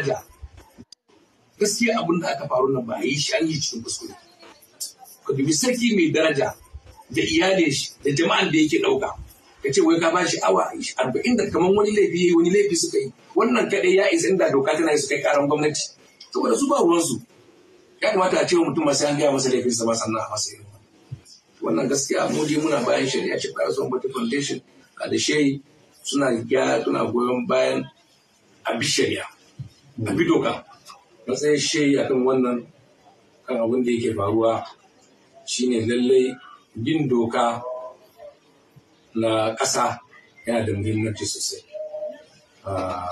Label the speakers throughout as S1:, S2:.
S1: daraja gaskiya abin da aka faru nan ba a yi shi an yi cikin kuskure ka dubi sarki mai daraja da iyalin shi da jama'an da yake ɗauka ka ce wai ka ba shi awa arba'in da kamar wani laifi yayi wani laifi suka yi wannan kaɗai ya isa inda doka tana yi su kai karan gwamnati saboda su ba ruwansu ya kamata a ce wa mutum masu an gaya masa laifinsa ba sannan a masa irin wannan gaskiya mu je muna bayan shari'a ce ba son wata foundation a da shehi suna gyara suna goyon bayan abin shari'a a bi doka matsayin a kan wannan kan abin da yake faruwa shine lallai bin doka na ƙasa yana da muhimmanci sosai ah,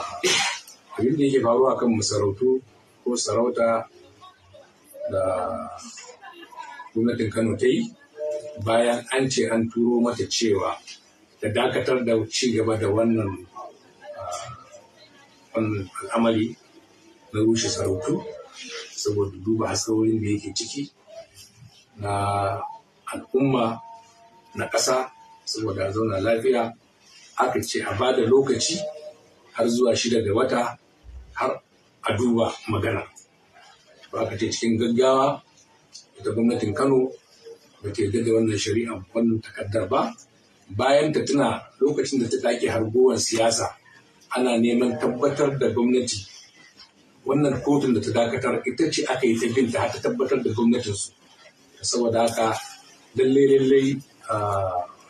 S1: abin da yake faruwa kan masarautu ko sarauta da gwamnatin kano ta yi bayan an ce an turo mata cewa da dakatar da ci gaba da wannan ah, al'amari na rushe sarautu saboda duba hasarorin da yake ciki na al'umma na ƙasa saboda a zauna lafiya aka ce a bada lokaci har zuwa shida da wata har a duba magana ba aka ce cikin gaggawa ta gwamnatin kano ba ke yarda da wannan shari'a wannan takardar ba bayan ta tuna lokacin da ta dake hargowar siyasa ana neman tabbatar da gwamnati wannan kotun da ta dakatar ita ce aka yi ta binta ta tabbatar da gwamnatinsu saboda haka lallai lallai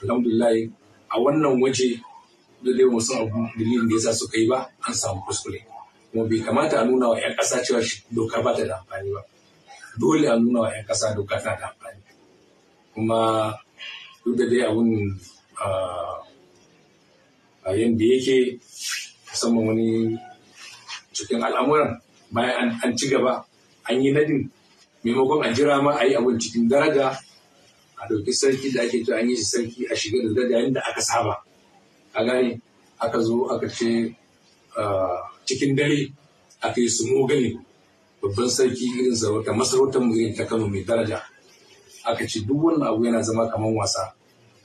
S1: alhamdulilayi, a wannan waje da dai wasu abu dalilin da yasa suka yi ba an samu kuskure kuma bai kamata a nuna wa 'yan ƙasa cewa doka ba ta da amfani ba dole a nuna wa 'yan ƙasa doka tana da amfani kuma duk da dai abun a yanda yake musamman wani cikin al'amuran bayan an ci gaba an yi nadin maimakon a jira ma a yi abin cikin daraja a ɗauki sarki da ake an yi shi sarki a shiga da daraja yadda aka saba a gane aka zo aka ce cikin dare aka yi sumo gani babban sarki irin sarauta masarautar mu ta kano mai daraja aka ce duk wannan abu yana zama kamar wasa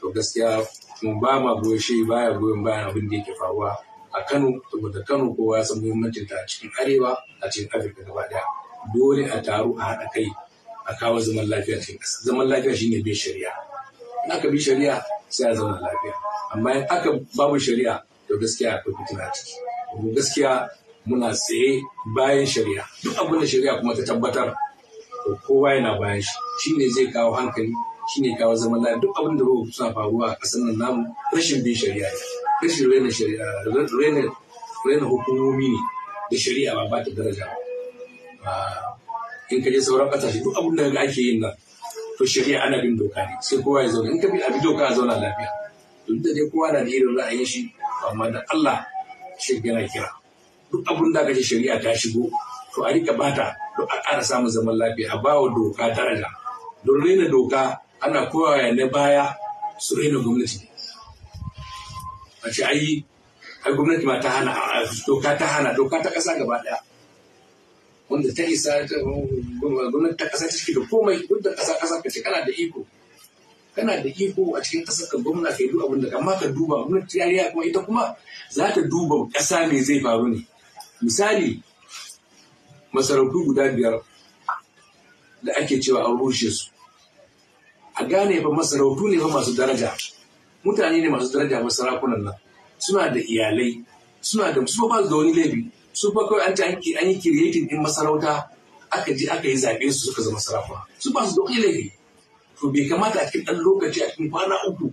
S1: to gaskiya mun ba ma goyon shi baya goyon bayan abin da yake faruwa a Kano saboda Kano kowa ya san muhimmancin ta a cikin arewa a cikin Afirka gaba daya dole a taru a haɗa kai a kawo zaman lafiya cikin ƙasa zaman lafiya shine bin shari'a in aka bi shari'a sai a zama lafiya amma in aka babu shari'a to gaskiya akwai fitina ciki gaskiya muna tsaye bayan shari'a duk abin da shari'a kuma ta tabbatar kowa yana bayan shi shine zai kawo hankali ne kawo zaman lafiya duk abin da ruwa suna faruwa a ƙasar nan namu rashin bin shari'a ne rashin raina shari'a raina raina hukumomi ne da shari'a ba ba ta daraja ba ah, in ka je sauran ƙasashe duk abin da ake yin nan to shari'a ana bin doka ne sai kowa ya zauna in ka bi abin doka a zauna lafiya duk da dai kowa na da irin ra'ayin shi amma da Allah shi yana kira duk abin da aka ce shari'a ta shigo to a rika bata to a ƙara samun zaman lafiya a bawa doka daraja don raina doka ana kowa na baya su raina gwamnati a ce ai ai gwamnati ma ta hana doka ta hana doka ta kasa gaba daya wanda ta isa gwamnati ta kasa ta cike da komai wanda kasa kasa ka ce kana da iko kana da iko a cikin kasar ka gwamna ka yi duk abin da amma ka duba gwamnati riya kuma ita kuma za ta duba kasa me zai faru ne misali masarautu guda biyar da ake cewa an rushe su a gane ba masarautu ne ba masu daraja mutane ne masu daraja ba sarakunan nan suna da iyalai suna da su ba da wani laifi su fa kawai an ci an yi kiriyetin din masarauta aka je aka yi zaɓe su suka zama sarakuna su ba su da wani laifi to bai kamata a cikin ɗan lokaci a cikin kwana uku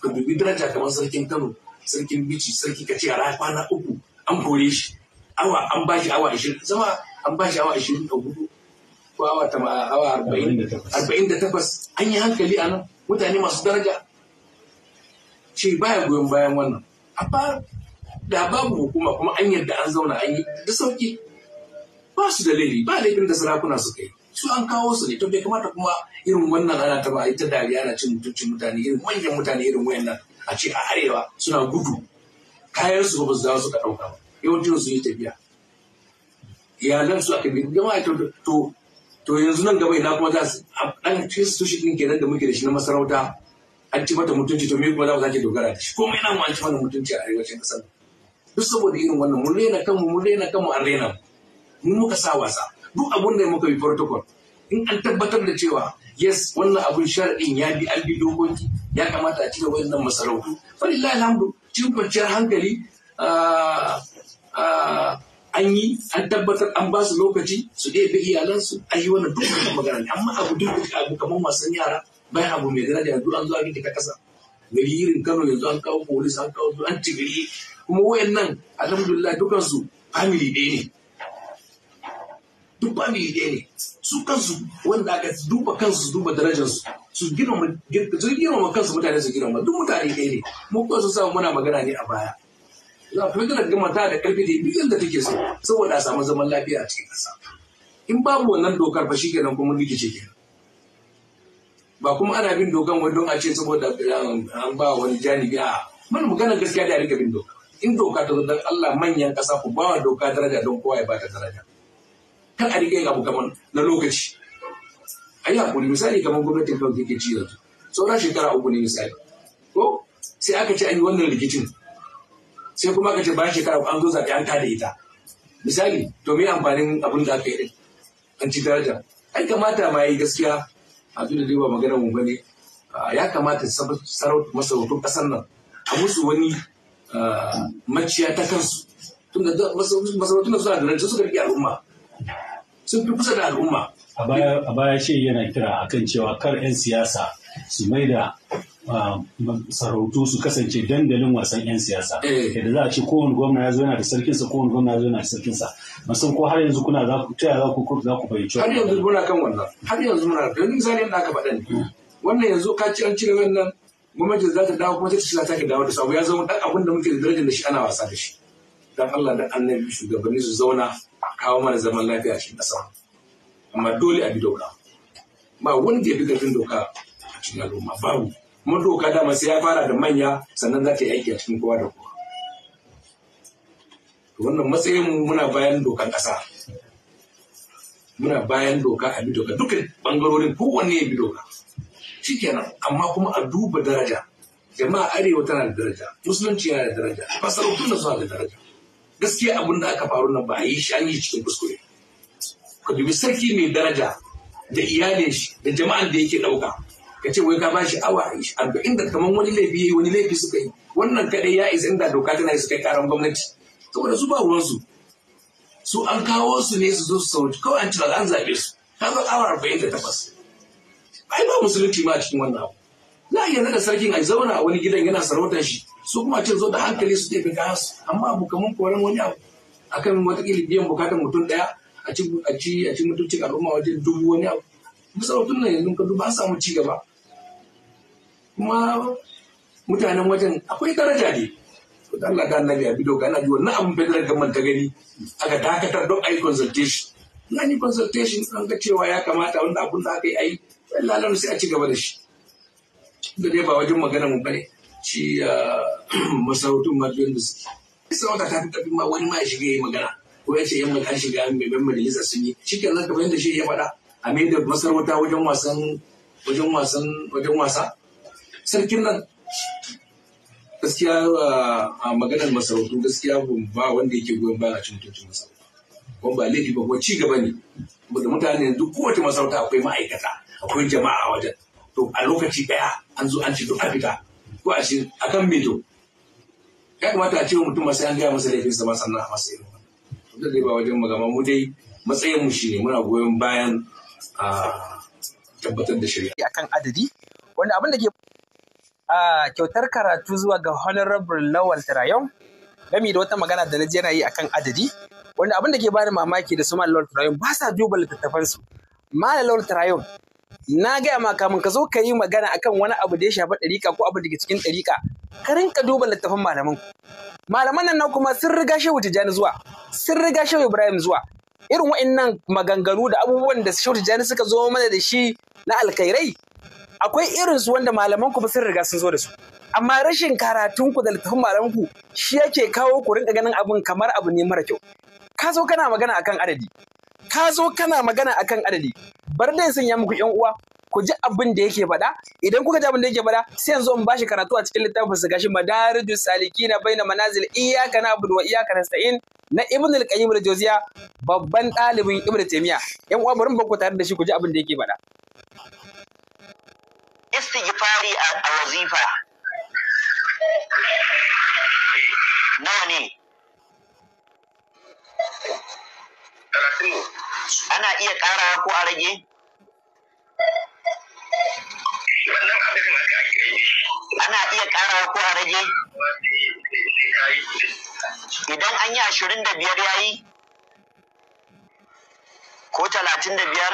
S1: ka dubi daraja kamar sarkin Kano sarkin Bichi sarki ka ce a kwana uku an kore shi awa an ba shi awa ashirin zama an ba shi awa ashirin da hudu ko awa awa arba'in da takwas an yi hankali a nan mutane masu daraja ce baya goyon bayan wannan amma da babu hukuma kuma an yadda an zauna an yi da sauki ba su da laifi ba laifin da sarakuna su kai su an kawo su ne to bai kamata kuma irin wannan ana ta ba ita dariya na cin mutuncin mutane irin manyan mutane irin wayannan a ce a arewa suna gudu Kayansu su ba su dawo suka ɗauka ba yawancin su yi tafiya iyalan su aka bi jama'a to to yanzu nan gaba ina kuma za su dan cikin su shi kenan da muke da shi na masarauta an ci mata mutunci to me kuma za mu sake dogara da shi ko mai namu an ci mana mutunci a arewacin kasar duk saboda irin wannan mu rena kanmu mu rena kanmu an rena mu muka sa wasa duk abun da muka bi protocol in an tabbatar da cewa yes wannan abun sharaɗin ya bi an bi dokoki ya kamata a cire wayannan masarautu fa lillahi alhamdu cikin kwanciyar hankali ah, ah, an yi an tabbatar an ba su lokaci su bi iyalansu an yi wannan dukkan magana ne amma abu duk abu kamar wasan yara bayan abu mai da duk an zo an ta kasa gari irin Kano yanzu an kawo polis an kawo an gari. kuma wayan nan, alhamdulillah dukansu su family ɗaya ne duk family ɗaya ne su kansu wanda aka duba kansu su duba darajarsu su girma kansu mutane su girma duk mutane ɗaya ne mu kuma su samu muna magana ne a baya za ku fitar da mata da karfi da duk inda take so saboda a samu zaman lafiya a cikin ƙasa in babu wannan dokar ba shi kenan kuma rikice ke. ba kuma ana bin dokan wani don a ce saboda um, an ba wani janibi a mana magana gaskiya da ya rika bin doka in doka ta don Allah manyan ƙasa ku bawa doka daraja don kowa ya ba ta daraja Kan a rika yin abu kamar na lokaci a yi hakuri misali kamar gwamnatin kawai take ci yanzu sauran shekara uku ne misali ko sai aka ce an yi wannan rikicin sai kuma ka ce bayan shekara an zo zaɓe an da ita misali to me amfanin abin da aka yi an ci daraja ai kamata ma yi gaskiya a tunda da ba magana mu bane ya kamata masarautun ƙasar nan a musu wani maciya ta kansu tunda masarautun da suna da rance suka riƙe al'umma sun fi kusa da al'umma a baya shi yana kira akan cewa kar 'yan siyasa su mai da sarautu su kasance dandalin wasan 'yan siyasa eh. yadda za a ce kowane gwamna ya zo yana da sarkinsa kowane gwamna ya zo yana da sarkinsa Masan ko har yanzu kuna za ku taya za ku za ku har yanzu muna kan wannan har yanzu muna da misali yadda aka faɗa hmm. wannan yanzu ka ci an cire wannan gwamnati za ta dawo kuma ta ci za ta dawo da sabu ya zama ɗan abin da muke da darajar da shi ana wasa da shi dan Allah da annabi shugabanni su zauna a kawo mana zaman lafiya a cikin ƙasa amma dole a bi doka ba wanda ya bi ƙarfin doka a cikin al'umma babu mun doka dama sai ya fara da manya sannan za ta yi aiki a cikin kowa da kowa wannan matsayin mu muna bayan dokan ƙasa muna bayan doka a bi doka dukkan bangarorin kowanne ya bi doka shikenan amma kuma a duba daraja jama'a arewa tana da daraja musulunci yana da daraja masarautun na suna da daraja gaskiya abin da aka faru nan ba a yi shi an yi cikin kuskure ka dubi sarki mai daraja da iyalin shi da jama'an da yake ɗauka ka ce wai ka bashi awa arba'in da kamar wani laifi yayi wani laifi suka yi wannan kadai ya isa inda doka tana yi suka yi karan gwamnati saboda su ba ruwansu su an kawo su ne su zo su sauki kawai an cira an zaɓe su ka zo awa arba'in da takwas ai ba musulunci ma a cikin wannan abu Na iya naga sarkin a zauna a wani gidan yana sarautar shi su kuma ce zo da hankali su je ka su amma abu kamar koren wani abu akan watakila biyan bukatar mutum ɗaya a ci mutuncin al'umma wajen dubu wani abu masarautun nan yanzu kadu ba samu ci gaba kuma mutanen wajen akwai daraja ne da Allah da annabi a bido gana ji wannan abin federal government ta gani aka dakatar don a yi consultation na ni consultation an ga cewa ya kamata wanda abun da aka yi ayi lalar sai a ci gaba da shi da dai ba wajen magana mu bane shi ah, masarautun mafiyan da suke sauka ta tafi ma wani ma ya shiga ya yi magana ko ya ce yan magana shiga mai ban majalisa sun yi shi kenan kamar yadda shi ya faɗa a mai da masarauta wajen wasan wajen wasan wajen wasa sarkin nan gaskiya ah, a maganar masarautu gaskiya ba wanda yake goyon baya a cikin mutuncin masarautu kuma ba laifi ba ci gaba ne da mutane yanzu kowace masarauta akwai ma'aikata akwai jama'a wajen to a lokaci daya an zo an ci duk a fita ko a shi a kan mito ya kamata a ce mutum masu an gaya masa laifinsa ba sannan a masa irin wannan da dai ba wajen magama mu dai matsayin mu ne muna goyon bayan a tabbatar da shirya. Akan adadi,
S2: wanda abin da ke a kyautar karatu zuwa ga Honorable Lawal Tarayon, gami da wata magana da na yana yi akan adadi, wanda abin da ke bani mamaki da su Malam Lawal Tarayon ba sa duba littattafansu. Malam Lawal Tarayon, na gaya ma kamun ka zo ka yi magana akan wani abu da ya shafi ɗariƙa ko abu daga cikin ɗariƙa, ka rinka duba littattafan malaman ku. Malaman nan na kuma sun riga Shehu Tijjani zuwa, sun riga Shehu Ibrahim zuwa, irin wa'annan maganganu da abubuwan da Shehu Tijjani suka zo mana da shi na alkhairai akwai irin su wanda malaman ku sun riga sun zo da su amma rashin karatun ku da littafin malaman ku shi yake kawo ku rinka ganin abin kamar abu ne mara kyau ka zo kana magana akan adadi ka zo kana magana akan adadi bar dai sanya muku yan uwa ku ji abin da yake faɗa idan kuka ji abin da yake faɗa sai yanzu in bashi karatu a cikin littafin su gashi madariju salikina baina manazil iyyaka na'budu wa iyyaka nasta'in na ibn al-qayyim al-jawziya babban ɗalibin ibn taymiya yan uwa bari mu tare da shi ku ji abin da yake faɗa
S3: istighfari a wazifa nawa ne ana iya ƙara ko a rage ana iya karawa ko a rage idan an yi ashirin da biyar ya yi ko talatin da biyar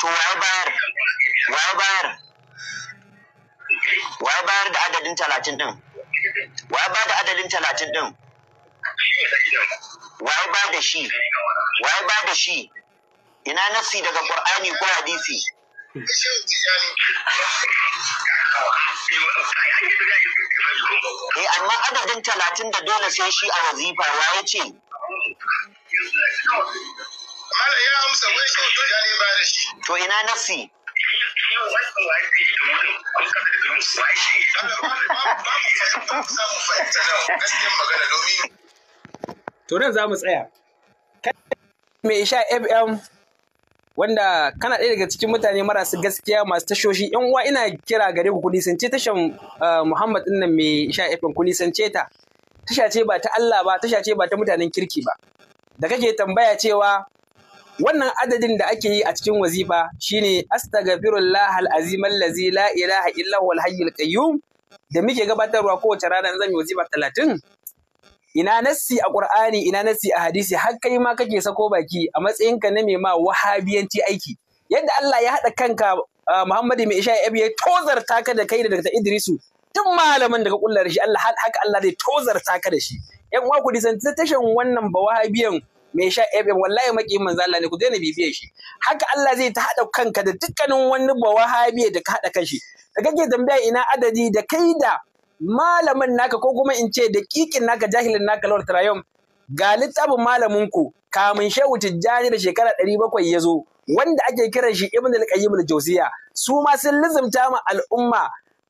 S3: to waye bayar waye bayar waye bayar da adadin talatin din waye ba da adadin talatin din waye bayar da shi waye bayar da shi ina nafsi daga qur'ani ko hadisi shehu tijani eh amma adadin talatin da dole sai shi a wazifa wa ya ce Mala ya amsa wai shehu tijani ba da shi to ina nafsi
S2: To nan za mu tsaya. Mai sha FM wanda kana ɗaya daga cikin mutane marasu gaskiya masu tashoshi yan uwa ina kira gare ku sance tashan eh, Muhammad din nan mai sha FM kunisance ta tasha ce ba ta Allah ba tasha ce ba ta mutanen kirki ba da kake tambaya cewa wannan adadin da ake yi a cikin wazifa shine astaghfirullah alazim allazi la ilaha illa huwal hayyul qayyum da muke gabatarwa kowace rana zan yi wazifa talatin ina nassi a ƙur'ani ina nassi a hadisi har kai ma kake sako baki a matsayinka na mai ma wahabiyanci aiki yadda Allah ya haɗa kanka Muhammadu mai isha ya tozarta ka da kai da daga Idrisu duk malamin daga kullar shi Allah haka Allah zai tozarta ka da shi yan uwa ku ta tashan wannan ba wahabiyan mai sha FM wallahi maki manzo Allah ne ku daina bibiyar shi haka Allah zai ta haɗa kanka da dukkanin wani ba wahabiyan da ka kan kanshi da kake tambaya ina adadi da kai da malamin naka ko kuma in ce da kikin naka jahilin naka lawal tarayom ga littafin malamin ku kamun shehu tijjani da shekara ɗari bakwai ya zo wanda ake kiran shi ibn al-qayyim al-jawziya su ma sun lizumta ma al'umma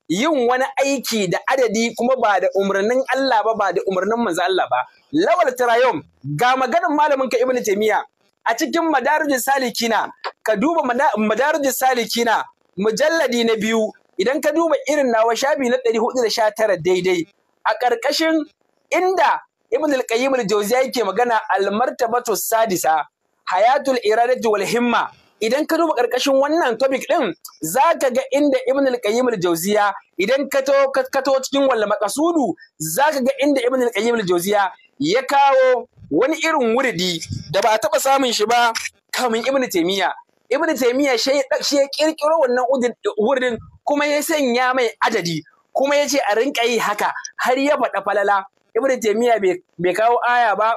S2: yin wani aiki da adadi kuma ba da umarnin Allah ba ba da umarnin manzo Allah ba lawal tarayom ga maganar malamin ka ibn taymiya a cikin madarijin salikina ka duba madarijin salikina mujalladi na biyu idan ka duba irin nawa shafi na ɗari hudu da sha tara daidai a ƙarƙashin inda ibn al-qayyim al-jawziya yake magana al-martabatu sadisa hayatul iradatu wal himma idan ka duba ƙarƙashin wannan topic ɗin za ka ga inda ibn al-qayyim idan ka to ka to cikin wal maqasudu za ka ga inda ibn al-qayyim ya kawo wani irin wuridi da ba a taɓa samun shi ba kamin ibn taymiya ibn taymiya shi ya kirkiro wannan wurin. kuma ya sanya mai adadi kuma ya ce a rinka yi haka har ya faɗa falala ibn taymiya bai kawo aya ba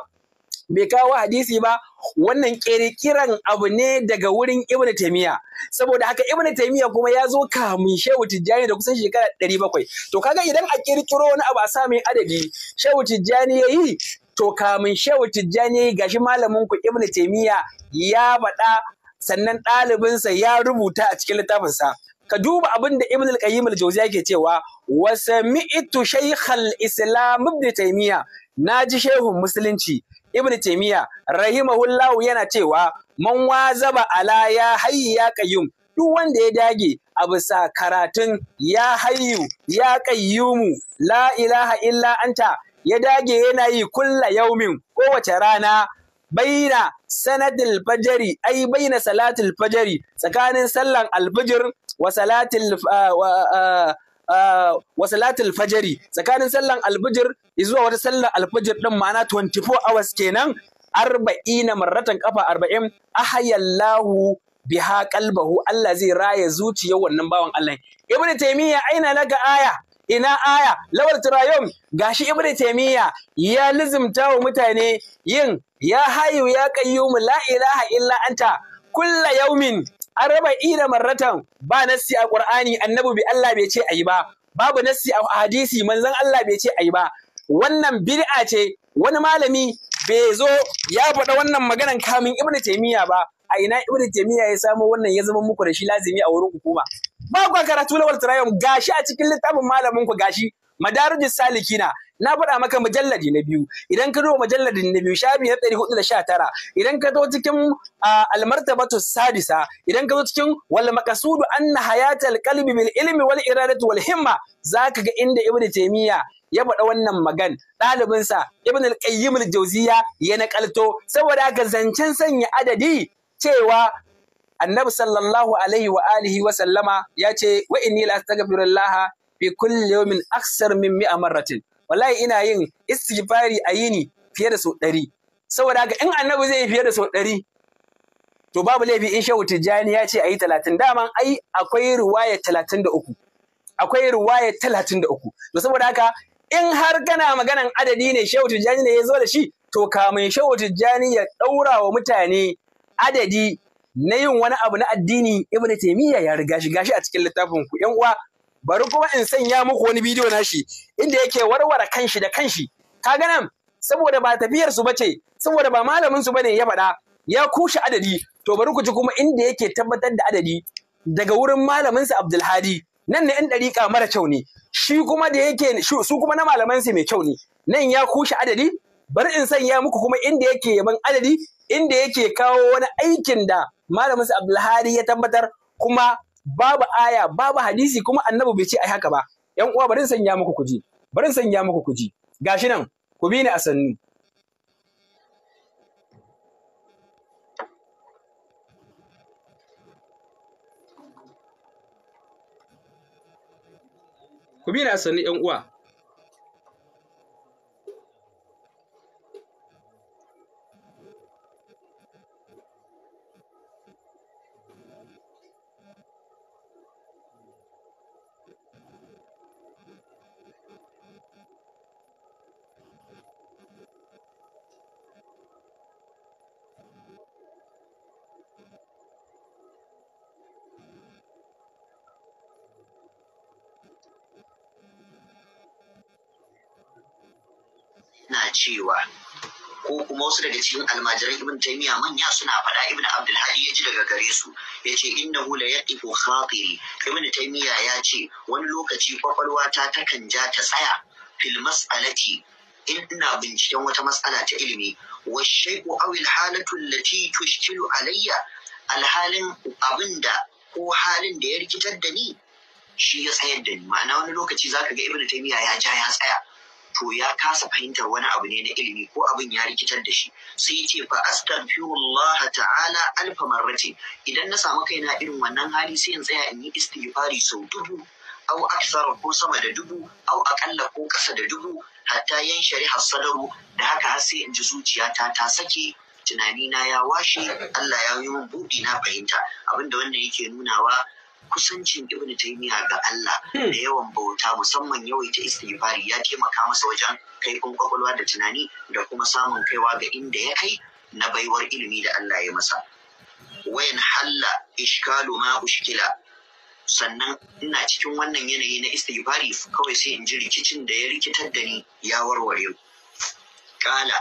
S2: bai kawo hadisi ba wannan kirkiran abu ne daga wurin ibn taymiya saboda haka ibn taymiya kuma ya zo kamun shehu tijjani da kusan shekara 700 to kaga idan a kirkiro wani abu a sa mai adadi shehu tijjani ya yi to kamun shehu tijjani ya yi gashi malamin ku ibn taymiya ya faɗa sannan ɗalibinsa ya rubuta a cikin littafinsa ka duba abin da ibn al-qayyim al-jawziya yake cewa wa sami'tu shaykh al-islam ibn Taymiyyah naji shehun musulunci ibn Taymiyyah rahimahullahu yana cewa man wazaba ala ya hayy ya qayyum duk wanda ya dage a bisa karatun ya hayyu ya qayyumu la ilaha illa anta ya dage yana yi kulla yaumin kowace rana baina sanadil fajari ai baina salatil fajari tsakanin sallan albijir wa salatul ah, ah, ah, fajari tsakanin sallan alfijir zuwa wata sallar alfijir din ma'ana 24 hours kenan na marratan kafa arba'in ahayallahu biha kalbahu Allah zai raya zuciyar wannan bawan Allah ibnu taymiya aina laka aya ina aya lawal turayum gashi ibnu taymiya ya lizimta wa mutane yin ya hayu ya qayyum la ilaha illa anta kulla yaumin an raba ina marratan ba nassi a Qur'ani annabi bi Allah bai ce ayi ba babu nassi a hadisi manzon Allah bai ce ayi ba wannan bid'a ce wani malami bai zo ya faɗa wannan maganan kamin Ibn Taymiyyah ba a ina Ibn Taymiyyah ya samo wannan ya zama muku da shi lazimi a wurin hukuma ba ku karatu lawal tarayum gashi a cikin littafin malamin ku gashi madarijus salikina na faɗa maka mujalladi na biyu idan ka duba mujalladin na biyu shafi na ɗari hudu da sha tara idan ka zo cikin almartabatu sadisa idan ka zo cikin wal maqasudu anna hayatal qalbi bil ilmi wal iradatu wal himma zaka ga inda ibnu taymiya ya faɗa wannan magan ɗalibinsa ibn al-qayyim al-jawziya ya nakalto saboda aka zancen sanya adadi cewa annabi sallallahu alaihi wa alihi wa sallama ya ce wa inni la astaghfirullah fi kulli yawmin aksar min mi'a marratin wallahi ina yin istighfari a yini fiye da sau ɗari saboda haka in annabi zai yi fiye da sau ɗari to babu laifi in shehu tijjani ya ce a yi talatin daman ai akwai ruwaya talatin da uku akwai ruwaya talatin da uku to saboda haka in har gana maganan adadi ne shehu tijjani ne ya zo da shi to kamin shehu tijjani ya ɗaura wa mutane adadi na yin wani abu na addini ibnu taymiya ya riga shi gashi a cikin littafin ku yan uwa bari kuma in sanya muku wani bidiyo na shi inda yake warware kanshi da kanshi kaga nan saboda ba tafiyar su bace saboda ba malamin su bane ya faɗa ya kushe adadi to bari ku ji kuma inda yake tabbatar da adadi daga wurin malamin sa Abdulhadi nan ne ɗan dariƙa mara kyau ne shi kuma da yake su kuma na malaman su mai kyau ne nan ya kushe adadi bari in sanya muku kuma inda yake yaban adadi inda yake kawo wani aikin da malamin sa Abdulhadi ya tabbatar kuma babu aya babu hadisi kuma annabi bai ce ai haka ba yan uwa bari sanya muku kuji bari sanya muku kuji gashi nan ku bi ni a sannu ku bi ni a sannu yan uwa
S3: na cewa ko kuma wasu daga cikin almajiran ibn taymiya manya suna faɗa ibn abdulhadi ya ji daga gare su ya ce innahu la yaqifu khatiri ibn taymiya ya ce wani lokaci kwakwalwa ta takan ja ta tsaya fil mas'alati in ina binciken wata matsala ta ilimi wa shay'u aw al halatu allati tushkilu alayya alhalin abinda ko halin da ya rikitar da ni shi ya tsayar da ni ma'ana wani lokaci zaka ga ibn taymiya ya ja ya tsaya to ya kasa fahimtar wani abu ne na ilimi ko abin ya rikitar da shi sai ya ce fa astaghfirullah ta'ala alfa marrati idan na samu kaina irin wannan hali sai in tsaya in yi istighfari sau dubu au aksar ko sama da dubu au akalla ko kasa da dubu hatta yan shari'a sadaru da haka har sai in ji zuciyata ta sake tunanina ya washe Allah ya yi min buɗi na fahimta abinda wannan yake nunawa kusancin Ibn taymiya ga Allah hmm. da yawan bauta musamman yawaita istighfari ya taimaka masa wajen kai kun kwakwalwa da tunani da kuma samun kaiwa ga inda ya kai na baiwar ilimi da Allah ya masa wayan halla ishkalu ma ushkila sannan ina cikin wannan yanayi na istighfari kawai sai in ji rikicin da ya rikitar da ni ya warware kala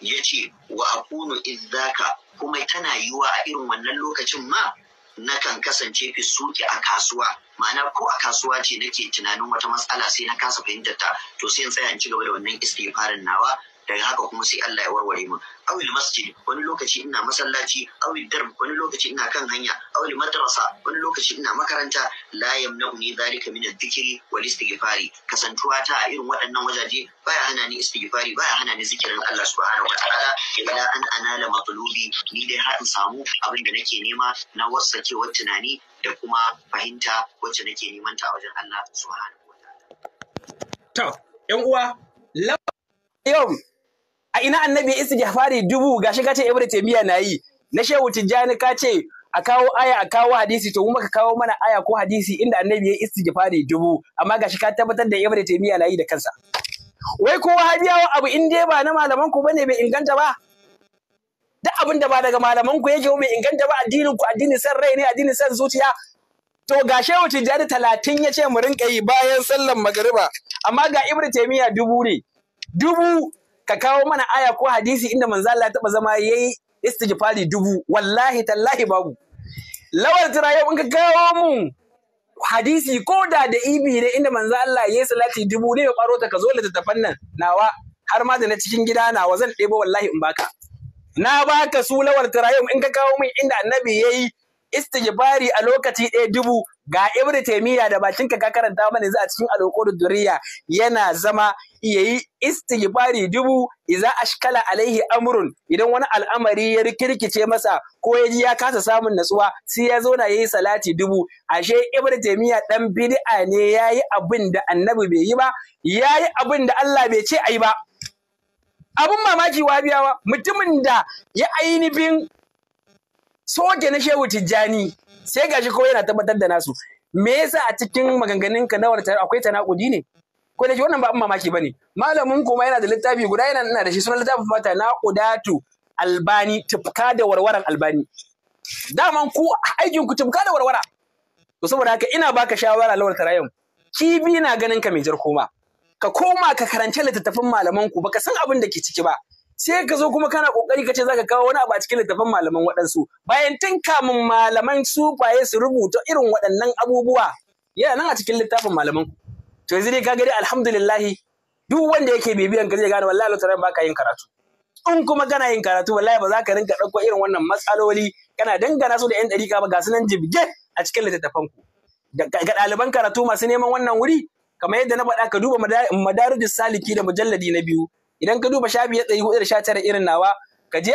S3: ya ce wa akunu izzaka kuma tana yiwa a irin wannan lokacin ma Na kan kasance fi suki a kasuwa ma'ana ko a kasuwa ce nake tunanin wata matsala sai na kasa fahimtar ta to sai in tsaya in ci gaba da wannan istifarin nawa daga haka kuma sai Allah ya warware mu awil masjid wani lokaci ina masallaci awil darb wani lokaci ina kan hanya awil madrasa wani lokaci ina makaranta la yamna'uni zalika min adh-dhikri wal istighfari kasantuwa ta a irin waɗannan wajaje baya hana ni istighfari baya hana ni zikirin Allah subhanahu wataala ila an anala matlubi ni dai har in samu abin da nake nema na wasakewar tunani da kuma fahimta wacce nake neman ta wajen Allah subhanahu
S2: wataala to yan uwa yau a ina annabi ya jafari dubu Ga shi kace ibnu taymiya nayi na shehu tijjani kace a kawo aya a kawo hadisi to kuma ka kawo mana aya ko hadisi inda annabi ya jafari dubu amma ga shi ka tabbatar da ibnu taymiya nayi da kansa wai ko wahabiyawa abu in dai ba na malaman ku bane bai inganta ba duk abin da ba daga malaman ku yake bai inganta ba addinin ku addinin san rai ne addinin san zuciya to ga shehu tijjani talatin ya ce mu rinka yi bayan sallan magariba amma ga ibnu taymiya dubu ne dubu ka kawo mana aya ko hadisi inda manzo Allah ya taba zama yayi istighfari dubu wallahi tallahi babu lawal tira in ka kawo mu hadisi ko da da ibi e ne inda manzo Allah yayi salati dubu ne ya faro ta ka zo littattafan nan nawa har ma da na cikin gida nawa zan ɗebo wallahi in baka na baka su lawal tira in ka kawo mun inda annabi yayi istighfari a lokaci ɗaya dubu ga ibnu taymiya da bakin ka karanta mana yanzu a cikin al duriya yana zama yayi istighfari dubu iza ashkala alaihi amrun idan wani al'amari ya rikirkice masa ko ya ji ya kasa samun natsuwa sai ya zo na yayi salati dubu ashe ibnu taymiya dan bid'a ne yayi abin da annabi bai yi ba yayi abin da Allah bai ce ayi ba abun mamaki biyawa mutumin da ya ainihin soke na shehu tijjani sai gashi kuma yana tabbatar da nasu me yasa a cikin maganganun ka na wata akwai tanakudi ne ko da wannan ba mamaki bane malamin kuma yana da littafi guda yana ina da shi sunan littafin na naqudatu albani tufka da warwaran albani daman ku aikin ku tufka da warwara to saboda haka ina baka shawara lawal tarayyum kibi na ganin ka mai jar koma ka koma ka karanci littattafin malaman ku baka san abin da ke ciki ba sai ka zo kuma kana kokari ka ce zaka kawo wani abu a cikin littafin malaman waɗansu bayan tun kamun malaman su kwaye su rubuta irin waɗannan abubuwa yana nan a cikin littafin malaman to yanzu dai ka gani alhamdulillahi duk wanda yake bibiyan ka zai gane wallahi lokacin ba ka yin karatu in kuma kana yin karatu wallahi ba za ka rinka ɗauko irin wannan matsaloli kana dangana su da yan ɗarika ba ga su nan jibge a cikin littattafan ku ga ɗaliban karatu masu neman wannan wuri kamar yadda na faɗa ka duba madarijin saliki da mujalladi na biyu idan ka duba shafi ya tsayi hudu da sha tara irin nawa ka je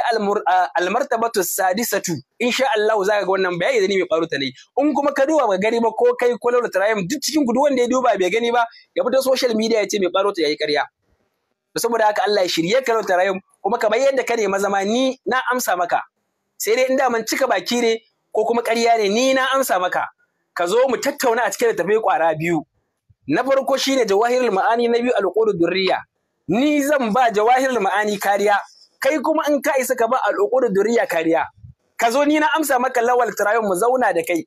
S2: almartabatu sadisatu insha Allah za ka ga wannan bayani da ni mai faru ta ne in kuma ka duba ba gani ba ko kai ko Laura Tarayim duk cikin ku wanda ya duba bai gani ba ya fito social media ya ce mai faru ta yayi ƙarya saboda haka Allah ya shirye ka Laura Tarayim kuma ka bayyana da ka ne mazama ni na amsa maka sai dai in da man cika baki ne ko kuma ƙarya ne ni na amsa maka ka zo mu tattauna a cikin da tafi kwara biyu na farko shine jawahirul ma'ani na biyu alqulu durriya ni zan ba jawahir ma'ani kariya kai kuma in ka isa ka ba al'ukuru duriya kariya ka zo ni na amsa maka lawal tarayon mu zauna da kai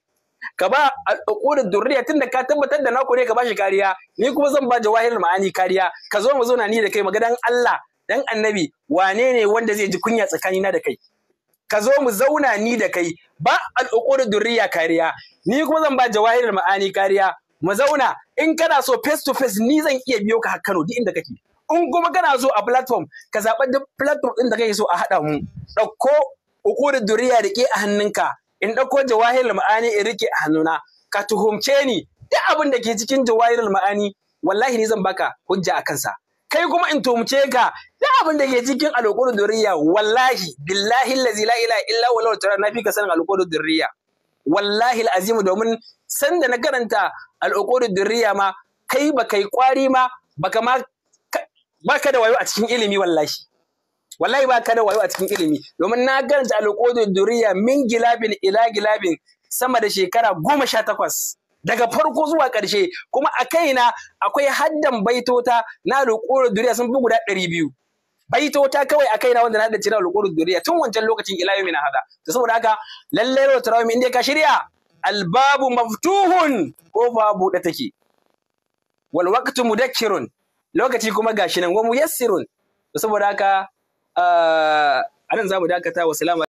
S2: ka ba al'ukuru duriya tunda ka tabbatar da naku ne ka ba shi kariya ni kuma zan ba jawahir ma'ani kariya ka zo mu zauna ni da kai magadan Allah dan annabi wane ne wanda zai ji kunya tsakanina da kai ka zo mu zauna ni da kai ba al'ukuru duriya kariya ni kuma zan ba jawahir ma'ani kariya mu zauna in kana so face to face ni zan iya biyo ka har Kano duk inda kake in kuma kana so a platform ka zaɓa duk platform ɗin da kake so a haɗa mu ɗauko uku da duriya riƙe a hannunka in ɗauko jawahir ma'ani in riƙe a hannuna ka tuhumce ni duk abin da ke cikin jawahir ma'ani wallahi ni zan baka hujja a kansa kai kuma in tuhumce ka duk abin da ke cikin alƙur'an duriya wallahi billahi lazi la ilaha illa huwa law na fi ka sanin alƙur'an duriya wallahi azimu domin san da na karanta al'uqudud duriya ma kai ba kai kwari ma baka ma baka da wayo a cikin ilimi wallahi wallahi ba da wayo a cikin ilimi domin na ganta alƙodin duriya min gilabin ila gilabin sama da shekara goma sha takwas daga farko zuwa ƙarshe kuma a kaina akwai haddan baitota na alƙodin duriya sun bugu guda ɗari biyu baitota kawai a kaina wanda na da cira alƙodin duriya tun wancan lokacin ila yau na hada to saboda haka lallai rawar tarawih inda ka shirya albabu maftuhun ko babu buɗe take wal waqtu mudakkirun lokaci kuma gashi nan wa muyassirun saboda haka ah, anan zamu dakata wa salama